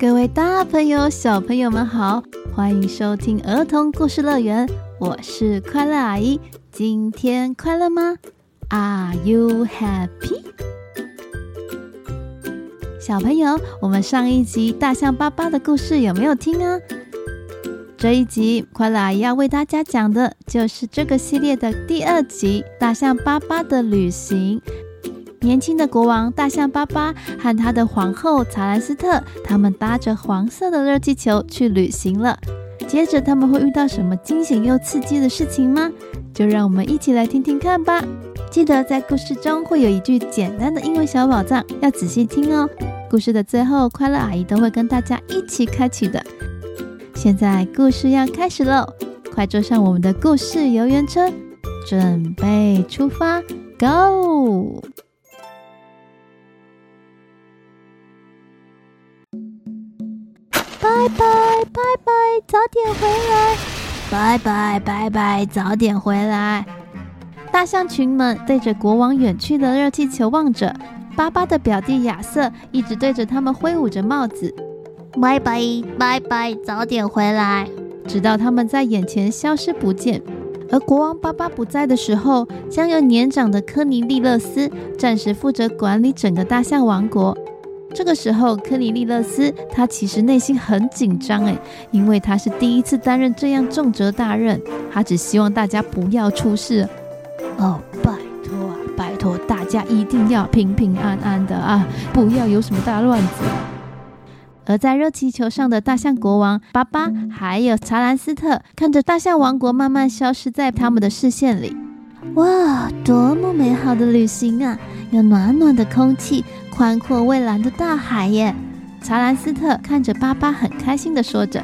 各位大朋友、小朋友們好，歡迎收聽兒童故事樂園，我是快樂阿姨。今天快樂嗎？Are you happy？小朋友，我們上一集大象巴巴的故事有沒有聽啊？這一集快樂阿姨要為大家講的就是這個系列的第二集《大象巴巴的旅行》。年輕的國王大象巴巴和他的皇后賽萊絲特，他們搭着黃色的熱氣球去旅行了。接着他們會遇到什麼驚險又刺激的事情嗎？就讓我們一起來聽聽看吧。記得在故事中會有一句簡單的英文小寶藏，要仔細聽哦。故事的最後，快樂阿姨都會跟大家一起開啟的。現在故事要開始嘍，快坐上我們的故事遊園車，準備出發，Go！拜拜拜拜，早點回來！拜拜拜拜，早點回來！大象群們對着國王遠去的熱氣球望着，巴巴的表弟亞瑟一直對着他們揮舞着帽子。拜拜拜拜，早點回來！直到他們在眼前消失不見。而國王巴巴不在的時候，將由年長的科尼利勒斯暫時負責管理整個大象王國。這個時候，克里利勒斯他其實內心很緊張哎，因為他是第一次擔任這樣重責大任，他只希望大家不要出事哦，拜託啊，拜託大家一定要平平安安的啊，不要有什麼大亂子。而在熱氣球上的大象國王巴巴還有賽萊絲特，看着大象王國慢慢消失在他們的視線裡，哇，多麼美好的旅行啊！有暖暖的空氣，寬闊蔚藍的大海耶。賽萊絲特看着巴巴，很開心的說着。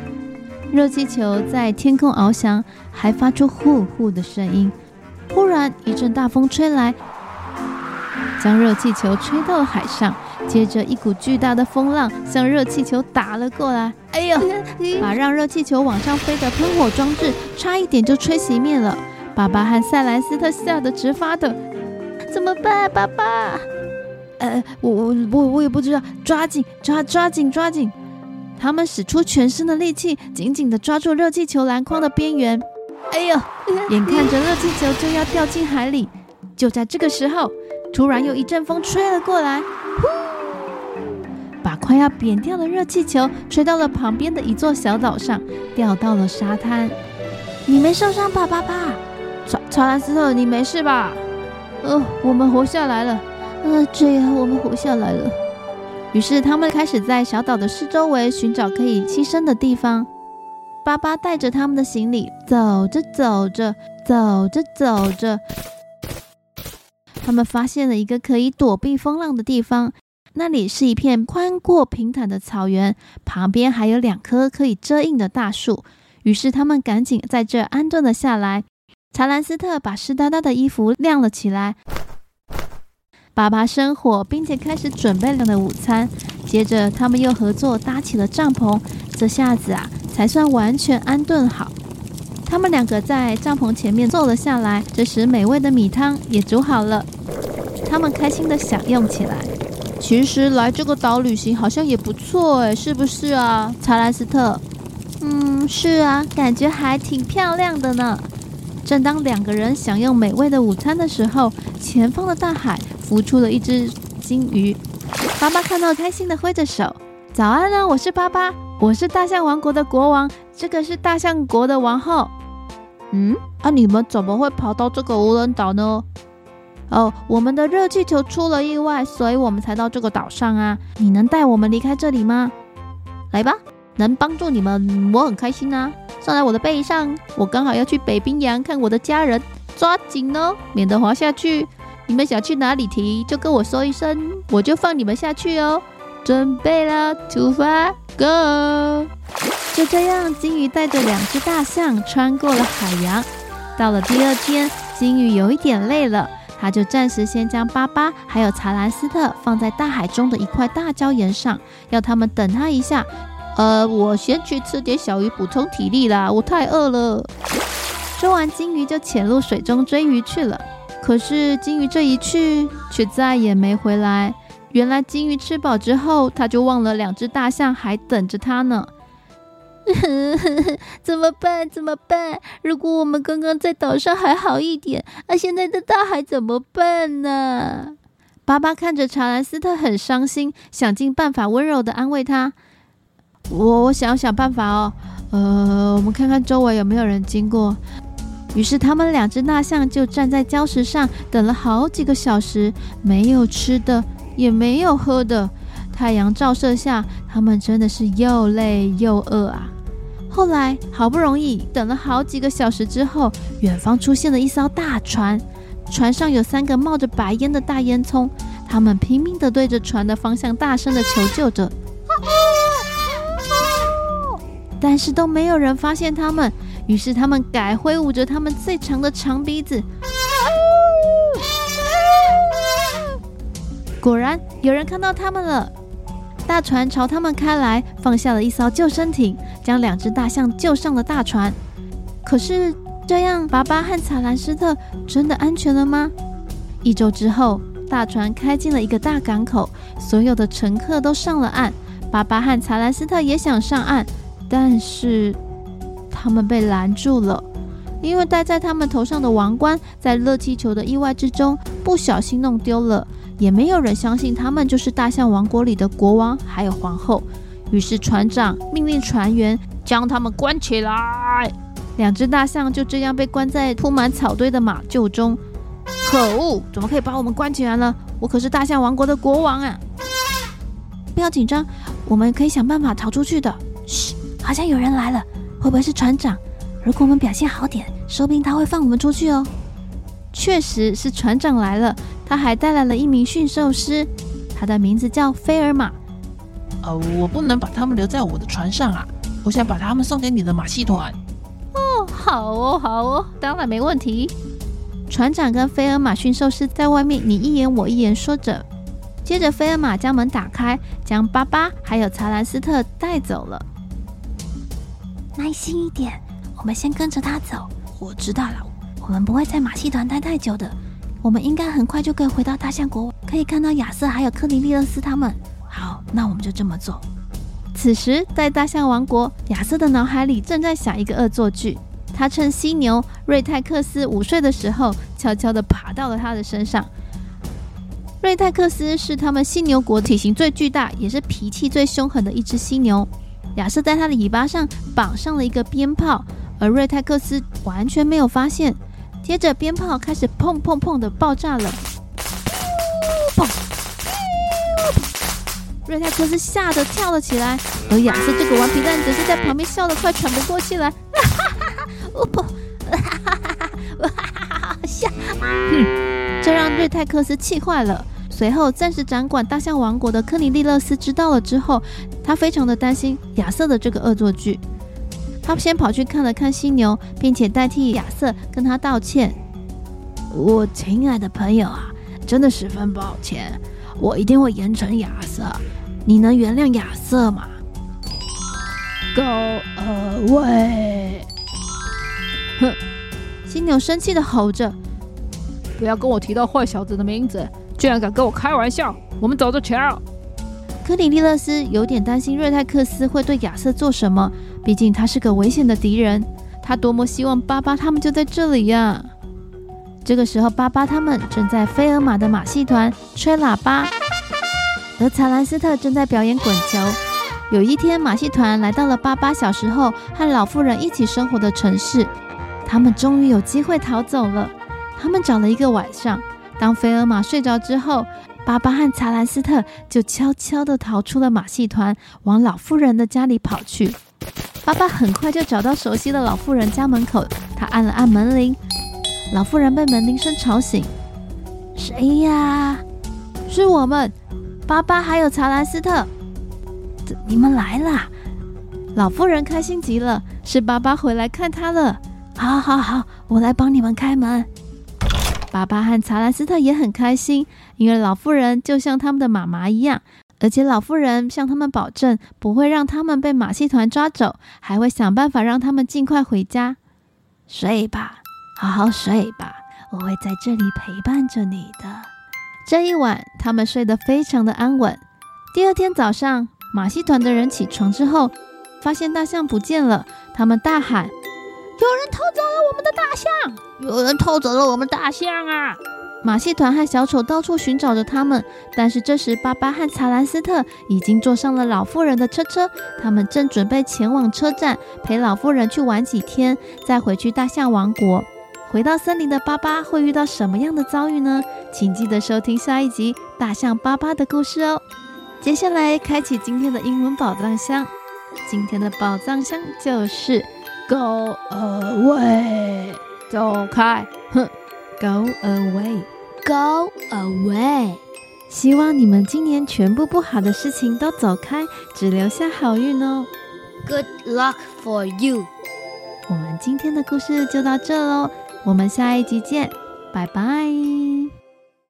熱氣球在天空翱翔，還發出呼呼的聲音。忽然一陣大風吹來，將熱氣球吹到了海上。接着一股巨大的風浪向熱氣球打了過來。哎呦！把讓熱氣球往上飛的噴火裝置差一點就吹熄滅了。巴巴和賽萊絲特嚇得直發抖。怎麼辦，爸爸？呃，我我我我也不知道，抓緊抓抓緊抓緊！他們使出全身的力氣，緊緊的抓住熱氣球籃筐的邊緣。哎呦！ 眼看着熱氣球就要掉進海裡，就在這個時候，突然有一陣風吹了過來，把快要扁掉的熱氣球吹到了旁邊的一座小島上，掉到了沙灘。你沒受傷吧，爸爸？賽賽萊絲特，你沒事吧？呃，我們活下來了，呃，這樣、啊、我們活下來了。於是他們開始在小島的四周圍尋找可以棲身的地方。巴巴帶着他們的行李走着走着，走着走着，他們發現了一個可以躲避風浪的地方。那裡是一片寬闊平坦的草原，旁邊還有兩棵可以遮蔭的大樹。於是他們趕緊在這安頓了下來。賽萊絲特把濕噠噠的衣服晾了起來，爸爸生火，並且開始準備了的午餐。接着，他們又合作搭起了帳篷，這下子啊，才算完全安頓好。他們兩個在帳篷前面坐了下來，這時美味的米湯也煮好了，他們開心地享用起來。其實來這個島旅行好像也不錯誒、欸，是不是啊，賽萊絲特？嗯，是啊，感覺還挺漂亮的呢。正當兩個人享用美味的午餐的時候，前方的大海浮出了一隻鯨魚。巴巴看到，開心的揮着手：“早安啊，我是巴巴，我是大象王國的國王，這個是大象國的王後。”嗯，啊，你們怎麼會跑到這個無人島呢？哦，我們的熱氣球出了意外，所以我們才到這個島上啊。你能帶我們離開這裡嗎？來吧，能幫助你們，我很開心啊。上來我的背上，我剛好要去北冰洋看我的家人，抓緊哦，免得滑下去。你們想去哪裡停，就跟我說一聲，我就放你們下去哦。準備了，出發，Go！就這樣，鯨魚帶着兩隻大象穿過了海洋。到了第二天，鯨魚有一點累了，他就暫時先將巴巴還有賽萊絲特放在大海中的一塊大礁岩上，要他們等他一下。呃，我先去吃點小魚補充體力啦，我太餓了。吃完鯨魚，就潛入水中追魚去了。可是鯨魚這一去，卻再也沒回來。原來鯨魚吃飽之後，他就忘了兩隻大象還等着他呢。 怎麼辦？怎麼辦？如果我們剛剛在島上還好一點，那現在在大海怎麼辦呢？巴巴看着賽萊絲特很傷心，想盡辦法溫柔地安慰他。我我想想辦法哦，呃，我們看看周圍有沒有人經過。於是，他們兩隻大象就站在礁石上等了好幾個小時，沒有吃的，也沒有喝的。太陽照射下，他們真的是又累又餓啊。後來，好不容易等了好幾個小時之後，遠方出現了一艘大船，船上有三個冒着白煙的大煙囪，他們拼命地對着船的方向大聲地求救着。但是都沒有人發現他們，於是他們改揮舞着他們最長的長鼻子。 果然有人看到他們了。大船朝他們開來，放下了一艘救生艇，將兩隻大象救上了大船。可是這樣，巴巴和賽萊絲特真的安全了嗎？一周之後，大船開進了一個大港口，所有的乘客都上了岸。巴巴和賽萊絲特也想上岸。但是，他們被攔住了，因為戴在他們頭上的王冠在熱氣球的意外之中不小心弄丟了，也沒有人相信他們就是大象王國裡的國王還有皇後。於是船長命令船員將他們關起來。兩隻大象就這樣被關在鋪滿草堆的馬廄中。可惡，怎麼可以把我們關起來了？我可是大象王國的國王啊！不要緊張，我們可以想辦法逃出去的。噓。好像有人來了，會不會是船長？如果我們表現好點，說不定他會放我們出去哦。確實是船長來了，他還帶來了一名馴獸師，他的名字叫菲爾瑪。呃，我不能把他們留在我的船上啊，我想把他們送給你的馬戲團。哦，好哦，好哦，當然沒問題。船長跟菲爾瑪馴獸師在外面，你一言我一言說着，接着菲爾瑪將門打開，將巴巴還有查蘭斯特帶走了。耐心一點，我們先跟着他走。我知道了，我們不會在馬戲團待太久的。我們應該很快就可以回到大象國，可以看到亞瑟還有科尼利厄斯他們。好，那我們就這麼做。此時，在大象王國，亞瑟的腦海裡正在想一個惡作劇。他趁犀牛瑞泰克斯午睡的時候，悄悄地爬到了他的身上。瑞泰克斯是他們犀牛國體型最巨大，也是脾氣最凶狠的一只犀牛。亞瑟在他的尾巴上綁上了一個鞭炮，而瑞泰克斯完全沒有發現。接着，鞭炮開始砰砰砰的爆炸了。呃呃呃呃呃、瑞泰克斯嚇得跳了起來，而亞瑟這個頑皮蛋則是在旁邊笑得快喘不過氣來。哈哈！哈哈！哈哈！哼，這讓瑞泰克斯氣壞了。隨後，暫時掌管大象王國的科尼利厄斯知道了之後，他非常的擔心亞瑟的這個惡作劇。他先跑去看了看犀牛，並且代替亞瑟跟他道歉：“我親愛的朋友啊，真的十分抱歉，我一定會嚴懲亞瑟。你能原諒亞瑟嗎？”Go away！、Uh, 哼！犀牛生氣的吼着：“不要跟我提到壞小子的名字。”居然敢跟我開玩笑！我們走着瞧。科里利勒斯有點擔心瑞泰克斯會對亞瑟做什麼，畢竟他是個危險的敵人。他多麼希望巴巴他們就在這裡呀、啊！這個時候，巴巴他們正在飛爾瑪的馬戲團吹喇叭，而賽萊絲特正在表演滾球。有一天，馬戲團來到了巴巴小時候和老婦人一起生活的城市，他們終於有機會逃走了。他們找了一個晚上。當菲爾馬睡着之後，巴巴和查蘭斯特就悄悄地逃出了馬戲團，往老婦人的家裡跑去。巴巴很快就找到熟悉的老婦人家門口，他按了按門鈴。老婦人被門鈴聲吵醒：“誰呀？是我們，巴巴還有查蘭斯特，你們來啦！”老婦人開心極了：“是巴巴回來看她了。”“好好好，我來幫你們開門。”巴巴和賽萊絲特也很開心，因為老婦人就像他們的媽媽一樣，而且老婦人向他們保證不會讓他們被馬戲團抓走，還會想辦法讓他們盡快回家。睡吧，好好睡吧，我會在這裡陪伴着你的。這一晚，他們睡得非常的安穩。第二天早上，馬戲團的人起床之後，發現大象不見了，他們大喊：“有人偷走！”象有人偷走了我們大象啊！馬戲團和小丑到處尋找着他們，但是這時巴巴和查蘭斯特已經坐上了老婦人的車車，他們正準備前往車站，陪老婦人去玩幾天，再回去大象王國。回到森林的巴巴會遇到什麼樣的遭遇呢？請記得收聽下一集《大象巴巴的故事》哦。接下來開啟今天的英文寶藏箱，今天的寶藏箱就是 Go away。走開，哼，Go away，Go away。Go away. 希望你們今年全部不好的事情都走開，只留下好運哦。Good luck for you。我們今天的故事就到這嘍，我們下一集見，拜拜。